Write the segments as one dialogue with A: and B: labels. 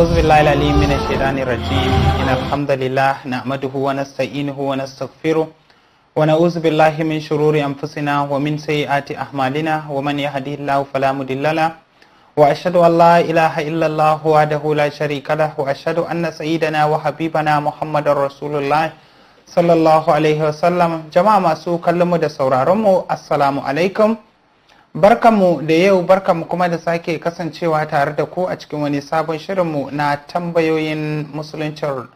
A: أعوذ بالله العليم من الشيطان الرجيم إن الحمد لله نحمده ونستعينه ونستغفره ونعوذ بالله من شرور أنفسنا ومن سيئات أعمالنا ومن يهده الله فلا مضل له وأشهد أن لا إله إلا الله وحده لا شريك له وأشهد أن سيدنا وحبيبنا محمد رسول الله صلى الله عليه وسلم جماعة masu kallon mu da sauraron mu assalamu alaikum Barkanmu da yau barkanmu kuma da sake kasancewa tare da ku a cikin wani sabon shirinmu na tambayoyin musuluncin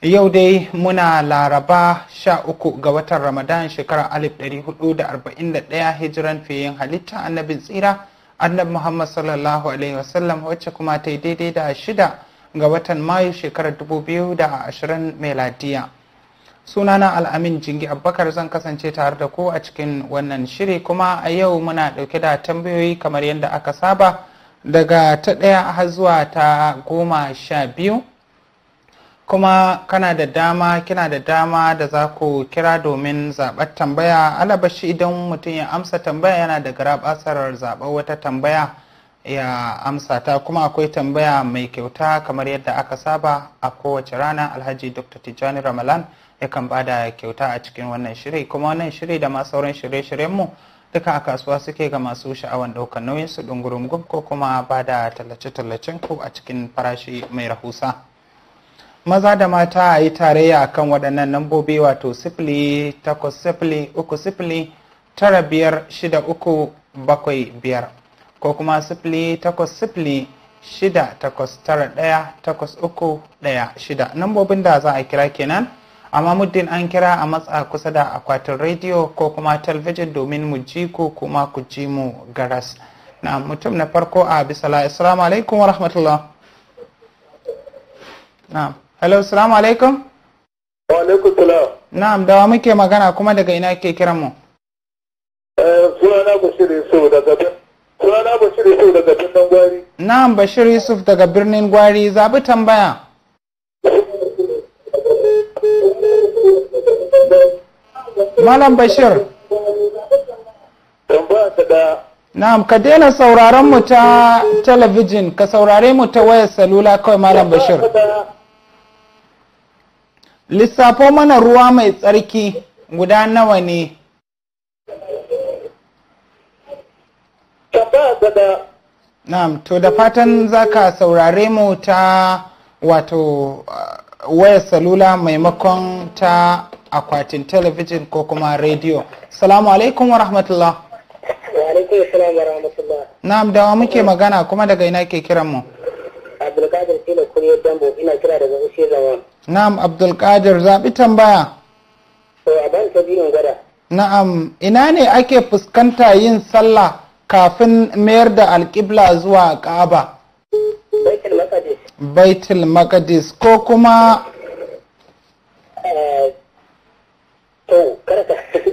A: yau dai muna laraba sha uku ga watan ramadan shekarar 1441 hijiran fiye halitta annabin tsira annabi muhammad sallallahu alaihi wasallam wacce kuma ta yi daidai da shida ga watan mayu shekarar 2020 meladiya. sunana al'amin jingi abubakar zan kasance tare da ku a cikin wannan shiri kuma a yau muna dauke da tambayoyi kamar yadda aka saba daga ta ɗaya har zuwa ta goma sha biyu kuma kana da dama kina da dama da za ku kira domin zaɓar tambaya alabashi idan mutum ya amsa tambaya yana da garaɓasar zaɓar wata tambaya ya amsa ta kuma akwai tambaya mai kyauta kamar yadda aka saba a kowace rana alhaji dr tijjani ramalan yakan ba da kyauta a cikin wannan shiri kuma wannan shiri da ma sauran shirye-shiryenmu duka a kasuwa suke ga masu sha'awan ɗaukar nauyin su ɗungurungun ko kuma ba da tallace-tallacen ku a cikin farashi mai rahusa maza da mata a yi tarayya kan waɗannan lambobi wato sifili takwas sifili uku sifili tara biyar shida uku bakwai biyar ko kuma sifili takwas sifili shida takwas tara ɗaya takwas uku ɗaya shida nambobin da za a kira kenan amma muddin an kira a matsa kusa da akwatin rediyo ko kuma talabijin domin mu ji ko kuma ku ji mu garas na mutum na farko a bisala assalamu alaikum wa rahmatullah na'am hello assalamu alaikum wa alaikum salam na'am dawa muke magana kuma daga ina ke kiran mu eh sunana bashir yusuf daga Sunana Bashir Yusuf daga birnin Gwari. Na'am Bashir Yusuf daga birnin Gwari zabi tambaya. Malam Bashir. Tambaya ta da. Na'am ka daina sauraron mu ta talabijin ka saurare mu ta wayar salula kawai Malam Bashir. Lissafo mana ruwa mai tsarki guda nawa ne na'am to da fatan zaka saurare mu ta wato uh, wayar salula maimakon ta akwatin talabijin ko kuma rediyo salamu alaikum wa rahmatullah wa alaikum salam wa rahmatullah na'am dawa muke magana kuma daga ina ke kiran mu abdulkadir sila kuriyar dambo ina kira daga ushe zaman na'am abdulkadir zaɓi tambaya to a ban ta biyun gwada na'am ina ne ake fuskanta yin sallah kafin mayar da alƙibla zuwa ƙaba baitul makadis ko kuma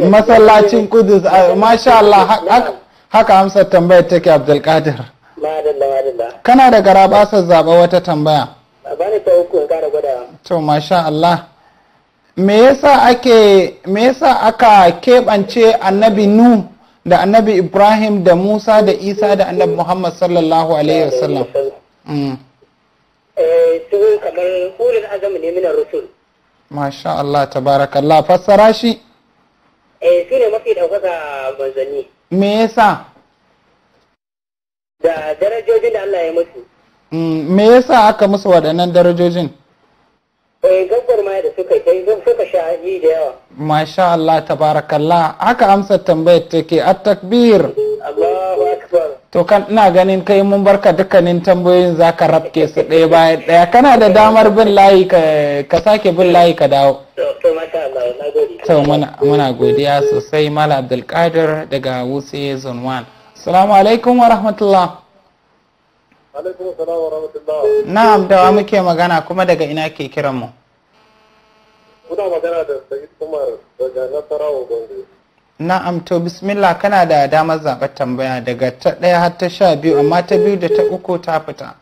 A: masallacin kudus ah, masha Allah haka amsar tambayar take abdulkadir kana da garabasar zaɓa wata tambaya to masha Allah me yasa ake me yasa aka keɓance annabi nu da annabi ibrahim da musa da isa da annabi muhammad sallallahu alaihi wasallam su mm. eh, kamar hulun azami masha Allah tabarakallah fassara shi eh su ne mafi daukaka manzanni me yasa da darajojin da Allah ya musu mm, me yasa aka musu waɗannan darajojin Eh, gwagwarmaya da suka yi suka Masha Allah haka amsar tambayar take a takbir. Allahu akbar. To kan ina ganin kai mun barka dukkanin tambayoyin zaka rabke su ɗaya bayan ɗaya kana da damar bin layi ka sake bin layi ka dawo. To To muna godiya sosai Mala Abdulkadir daga Wuse Zone 1. Assalamu alaikum wa rahmatullah. Na'am da muke magana kuma daga ina ke kiran mu? Kuna magana da Sayyid Umar daga Nasarawa Gombe. Na'am to bismillah kana da damar zaɓar tambaya daga ta ɗaya har ta sha biyu amma ta biyu da ta uku ta fita.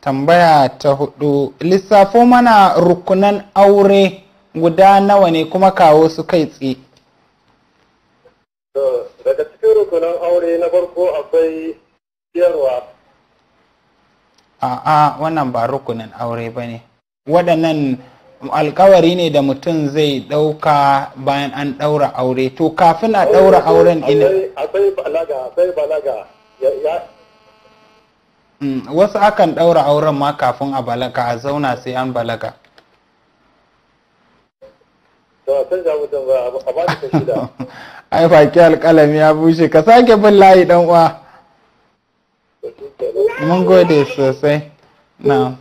A: Tambaya ta hudu. Lissafo mana rukunan aure guda nawa ne kuma kawo su kai tsaye. daga cikin rukunan aure na farko akwai siyarwa A'a, wannan ba rukunin aure ba ne. Waɗannan alkawari ne da mutum zai ɗauka bayan an ɗaura aure. To, kafin a ɗaura auren ina. Akwai balaga, akwai balaga. Mm, wasu akan ɗaura auren ma kafin a balaga, a zauna sai an balaga. ai baki alƙalam ya bushe ka sake bin layi dan uwa mun gode sosai na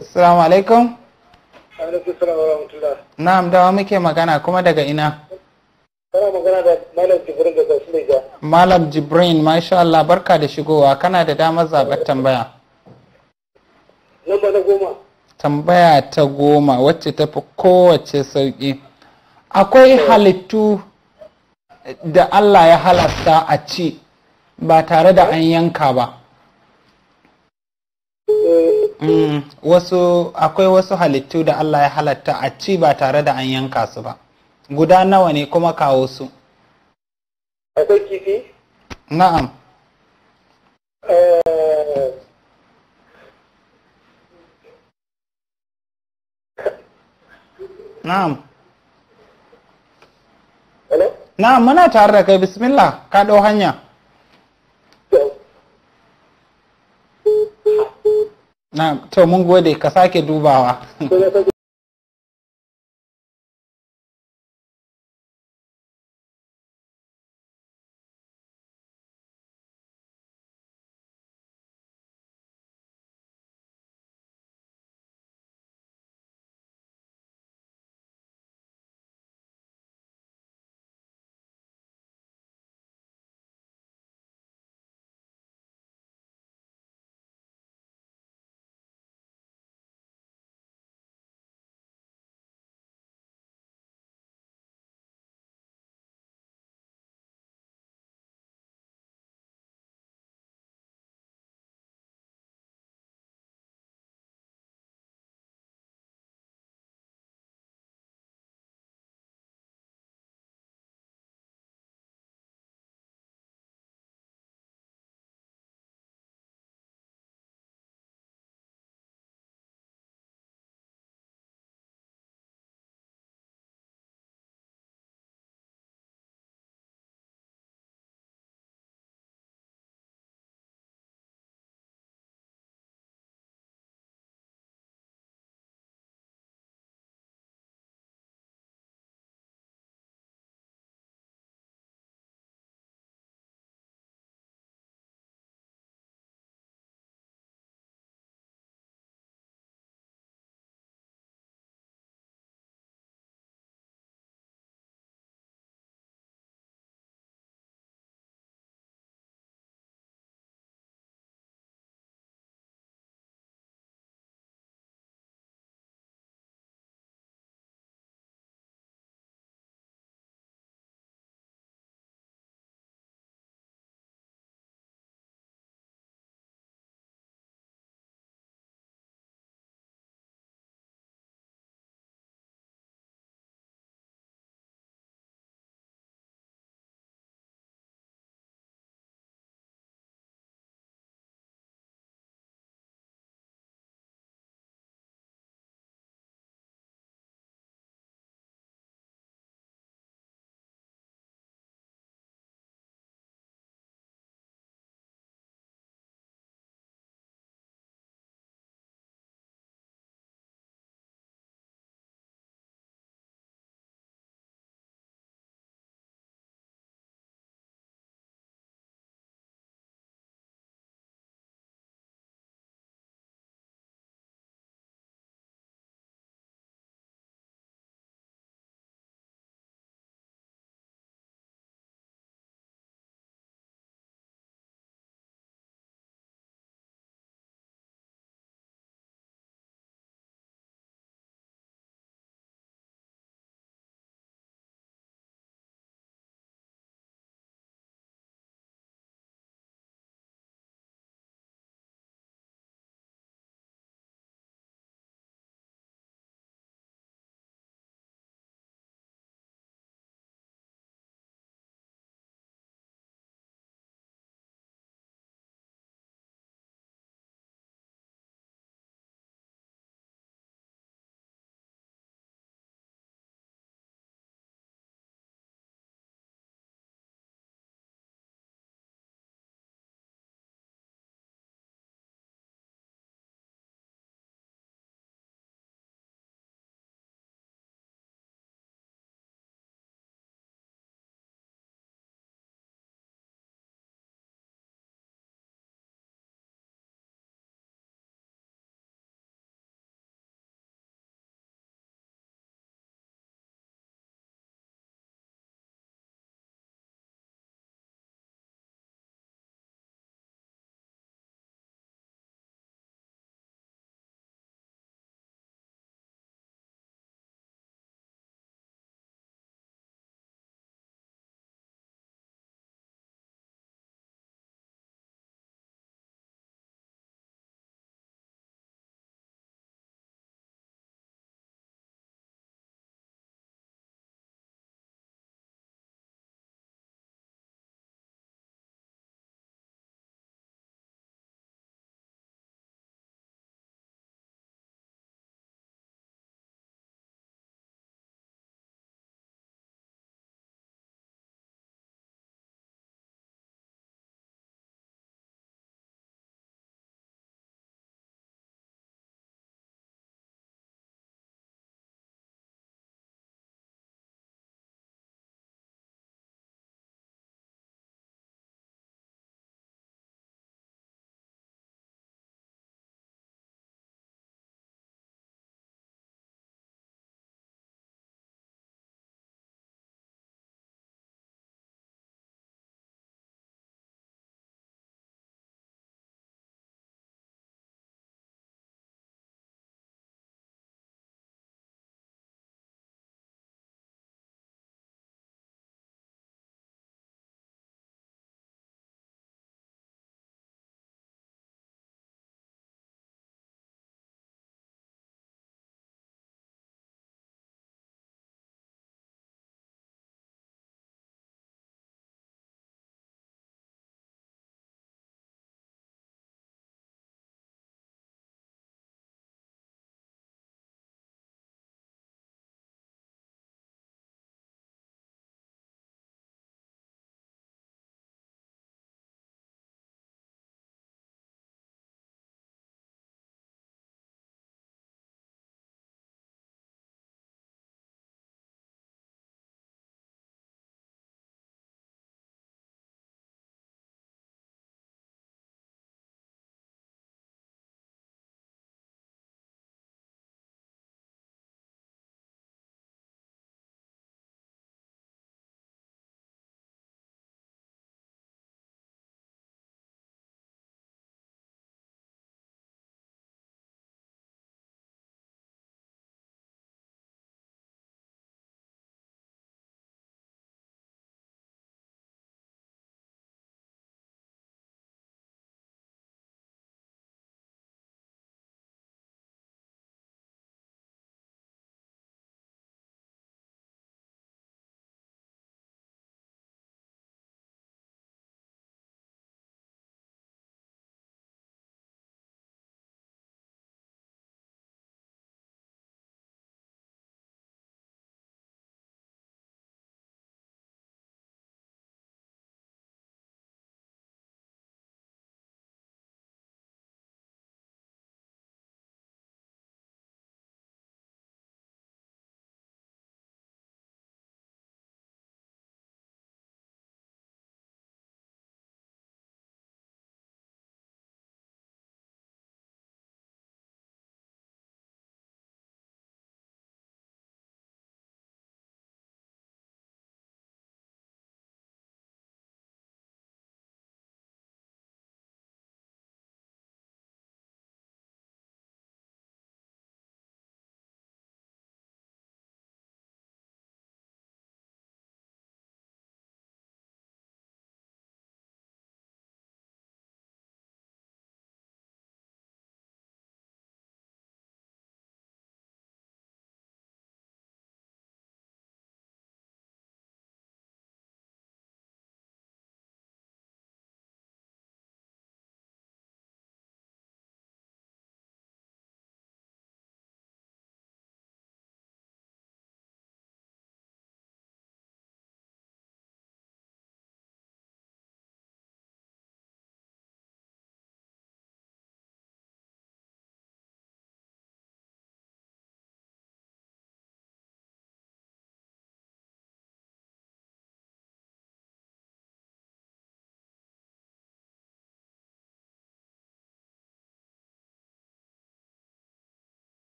A: assalamu alaikum na'am dawa muke magana kuma daga ina kana magana da malam jibrin daga suleja malam jibrin masha Allah barka da shigowa kana da damar zaɓar tambaya lamba na goma tambaya ta goma wacce ta fi kowace sauƙi akwai halittu da Allah ya halatta a ci ba tare da an yanka ba eh. mm, wasu akwai wasu halittu da Allah ya halatta a ci ba tare da an yanka su ba guda nawa ne kuma kawo su akwai kifi na'am uh... na'am na muna tare da kai bismillah ka ɗau hanya na to mun gode ka sake dubawa